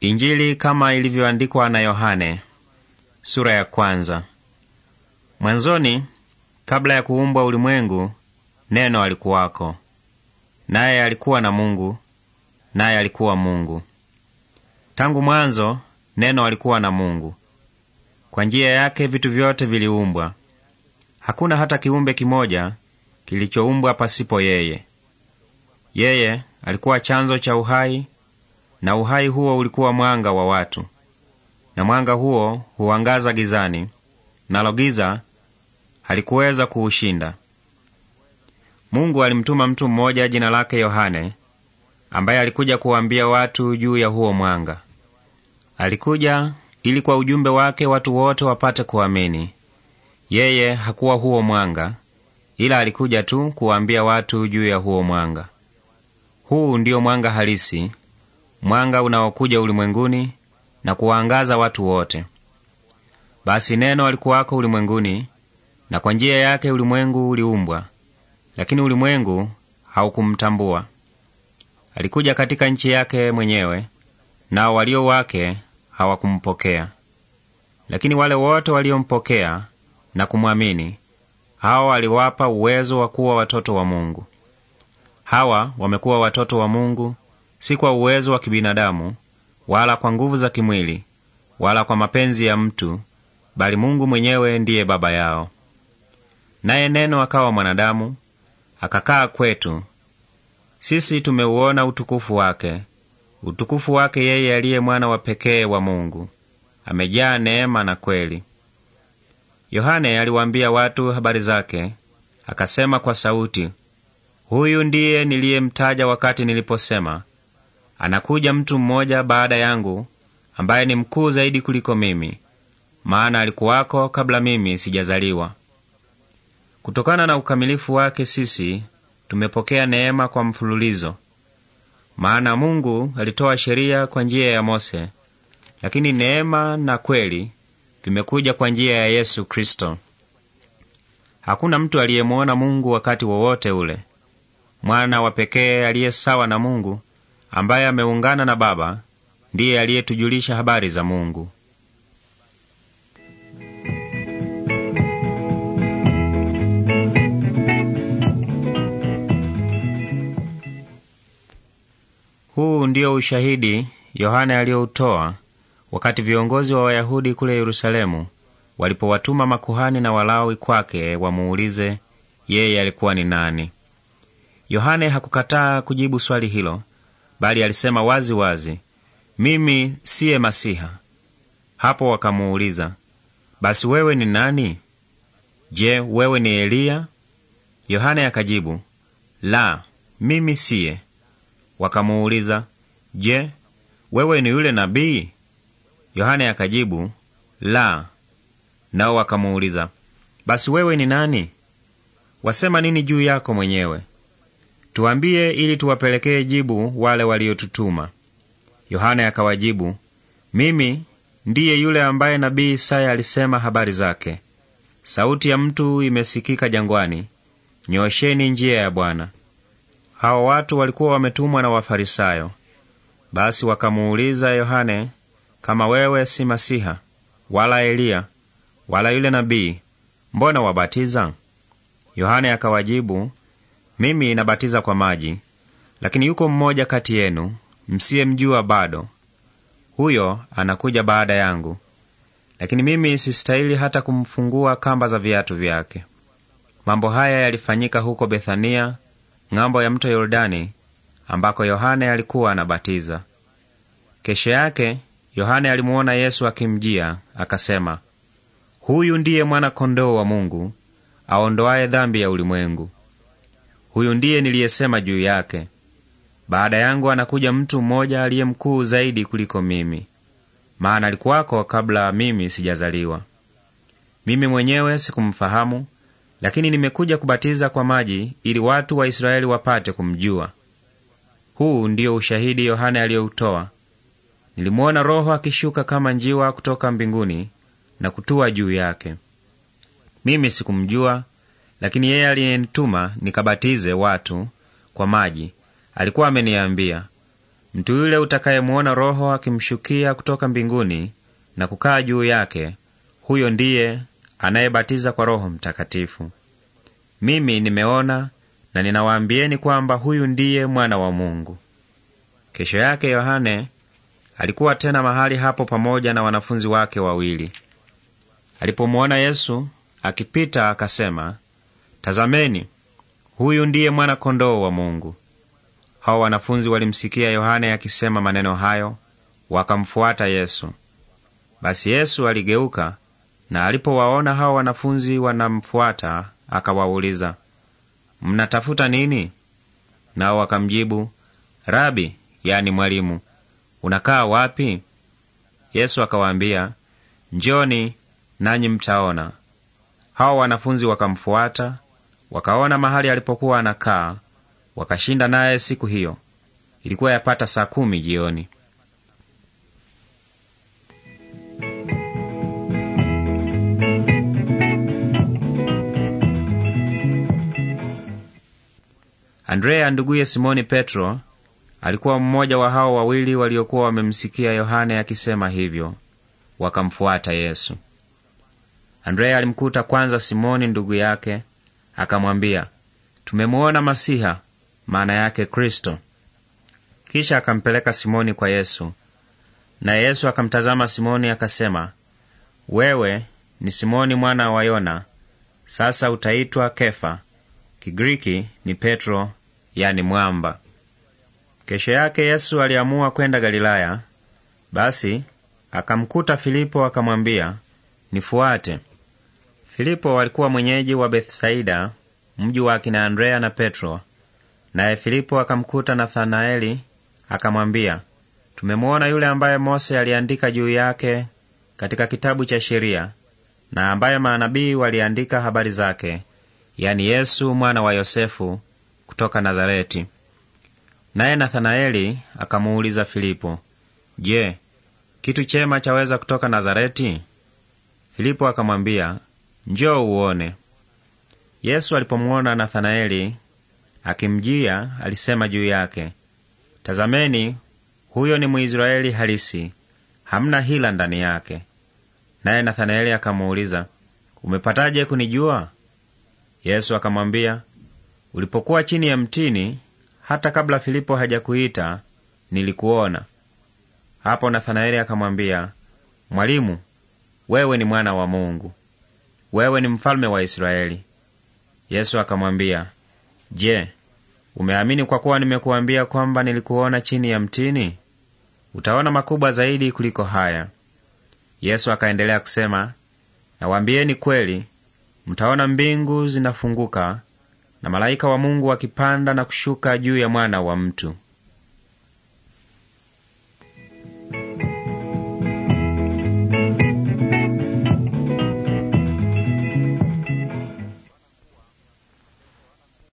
Injili kama ilivyoandikwa na Yohane sura ya kwanza. Mwanzoni, kabla ya kuumbwa ulimwengu, neno alikuwako, naye alikuwa na Mungu, naye alikuwa Mungu. Tangu mwanzo neno alikuwa na Mungu. Kwa njia yake vitu vyote viliumbwa, hakuna hata kiumbe kimoja kilichoumbwa pasipo yeye. Yeye alikuwa chanzo cha uhai na uhai huo ulikuwa mwanga wa watu, na mwanga huo huangaza gizani, nalo giza halikuweza kuushinda. Mungu alimtuma mtu mmoja jina lake Yohane, ambaye alikuja kuwaambia watu juu ya huo mwanga. Alikuja ili kwa ujumbe wake watu wote wapate kuamini. Yeye hakuwa huo mwanga, ila alikuja tu kuwaambia watu juu ya huo mwanga. Huu ndiyo mwanga halisi mwanga unaokuja ulimwenguni na kuwaangaza watu wote. Basi neno alikuwako ulimwenguni, na kwa njia yake ulimwengu uliumbwa, lakini ulimwengu haukumtambua. Alikuja katika nchi yake mwenyewe, nao walio wake hawakumpokea. Lakini wale wote waliompokea na kumwamini, hawa aliwapa uwezo wa kuwa watoto wa Mungu. Hawa wamekuwa watoto wa Mungu si kwa uwezo wa kibinadamu wala kwa nguvu za kimwili wala kwa mapenzi ya mtu, bali Mungu mwenyewe ndiye baba yao. Naye neno akawa mwanadamu akakaa kwetu, sisi tumeuona utukufu wake, utukufu wake yeye aliye mwana wa pekee wa Mungu, amejaa neema na kweli. Yohane aliwaambia watu habari zake, akasema kwa sauti, huyu ndiye niliyemtaja wakati niliposema, Anakuja mtu mmoja baada yangu ambaye ni mkuu zaidi kuliko mimi, maana alikuwako kabla mimi sijazaliwa. Kutokana na ukamilifu wake sisi tumepokea neema kwa mfululizo. Maana Mungu alitoa sheria kwa njia ya Mose, lakini neema na kweli vimekuja kwa njia ya Yesu Kristo. Hakuna mtu aliyemwona Mungu wakati wowote ule. Mwana wa pekee aliye sawa na Mungu ambaye ameungana na Baba ndiye aliyetujulisha habari za Mungu. Huu ndiyo ushahidi Yohane aliyoutoa wakati viongozi wa Wayahudi kule Yerusalemu walipowatuma makuhani na Walawi kwake wamuulize yeye alikuwa ni nani. Yohane hakukataa kujibu swali hilo, bali alisema wazi wazi, mimi siye Masiha. Hapo wakamuuliza, basi wewe ni nani? Je, wewe ni Eliya? Yohane akajibu, la, mimi siye. Wakamuuliza, je, wewe ni yule nabii? Yohane akajibu, la. Nao wakamuuliza, basi wewe ni nani? Wasema nini juu yako mwenyewe? tuambie, ili tuwapelekee jibu wale waliotutuma. Yohana akawajibu, mimi ndiye yule ambaye nabii Isaya alisema habari zake, sauti ya mtu imesikika jangwani, nyoosheni njia ya Bwana. Hawa watu walikuwa wametumwa na Wafarisayo. Basi wakamuuliza Yohane, kama wewe si Masiha wala Eliya wala yule nabii, mbona wabatiza? Yohane akawajibu, mimi nabatiza kwa maji, lakini yuko mmoja kati yenu msiyemjua bado. Huyo anakuja baada yangu, lakini mimi sistahili hata kumfungua kamba za viatu vyake. Mambo haya yalifanyika huko Bethania, ng'ambo ya mto Yordani, ambako Yohane alikuwa anabatiza. Kesho yake Yohane alimuona Yesu akimjia, akasema, huyu ndiye mwana kondoo wa Mungu aondoaye dhambi ya ulimwengu. Huyu ndiye niliyesema juu yake, baada yangu anakuja mtu mmoja aliye mkuu zaidi kuliko mimi, maana alikuwako kabla mimi sijazaliwa. Mimi mwenyewe sikumfahamu, lakini nimekuja kubatiza kwa maji ili watu wa Israeli wapate kumjua. Huu ndiyo ushahidi Yohane aliyoutoa: nilimwona Roho akishuka kama njiwa kutoka mbinguni na kutua juu yake. Mimi sikumjua, lakini yeye aliyenituma nikabatize watu kwa maji alikuwa ameniambia, mtu yule utakayemwona Roho akimshukia kutoka mbinguni na kukaa juu yake, huyo ndiye anayebatiza kwa Roho Mtakatifu. Mimi nimeona na ninawaambieni kwamba huyu ndiye mwana wa Mungu. Kesho yake Yohane alikuwa tena mahali hapo pamoja na wanafunzi wake wawili. Alipomuona Yesu akipita, akasema, Tazameni, huyu ndiye mwana-kondoo wa Mungu. Hao wanafunzi walimsikia Yohane akisema maneno hayo, wakamfuata Yesu. Basi Yesu aligeuka na alipowaona hao wanafunzi wanamfuata, akawauliza, mnatafuta nini? Nao wakamjibu, Rabi, yani mwalimu, unakaa wapi? Yesu akawaambia, njoni nanyi mtaona. Hao wanafunzi wakamfuata Wakaona mahali alipokuwa anakaa, wakashinda naye siku hiyo. Ilikuwa yapata saa kumi jioni. Andrea nduguye Simoni Petro alikuwa mmoja wa hao wawili waliokuwa wamemsikia Yohane akisema hivyo, wakamfuata Yesu. Andrea alimkuta kwanza Simoni ndugu yake akamwambia, tumemwona Masiha, maana yake Kristo. Kisha akampeleka Simoni kwa Yesu. Naye Yesu akamtazama Simoni akasema, wewe ni Simoni mwana wa Yona, sasa utaitwa Kefa, Kigiriki ni Petro, yani mwamba. Kesho yake Yesu aliamua kwenda Galilaya. Basi akamkuta Filipo akamwambia, nifuate. Filipo alikuwa mwenyeji wa Bethsaida, mji wa akina Andrea na Petro. Naye Filipo akamkuta Nathanaeli akamwambia, tumemwona yule ambaye Mose aliandika juu yake katika kitabu cha sheria na ambaye manabii waliandika habari zake, yani Yesu mwana wa Yosefu kutoka Nazareti. Naye Nathanaeli akamuuliza Filipo, Je, kitu chema chaweza kutoka Nazareti? Filipo akamwambia, njoo uone. Yesu alipomwona Nathanaeli akimjia, alisema juu yake, tazameni, huyo ni Mwisraeli halisi, hamna hila ndani yake. Naye Nathanaeli akamuuliza, umepataje kunijua? Yesu akamwambia, ulipokuwa chini ya mtini, hata kabla Filipo hajakuita nilikuona. Hapo Nathanaeli akamwambia, Mwalimu, wewe ni mwana wa Mungu wewe ni mfalme wa Israeli. Yesu akamwambia, Je, umeamini kwa kuwa nimekuambia kwamba nilikuona chini ya mtini? Utaona makubwa zaidi kuliko haya. Yesu akaendelea kusema, nawaambieni kweli, mtaona mbingu zinafunguka na malaika wa Mungu wakipanda na kushuka juu ya mwana wa mtu.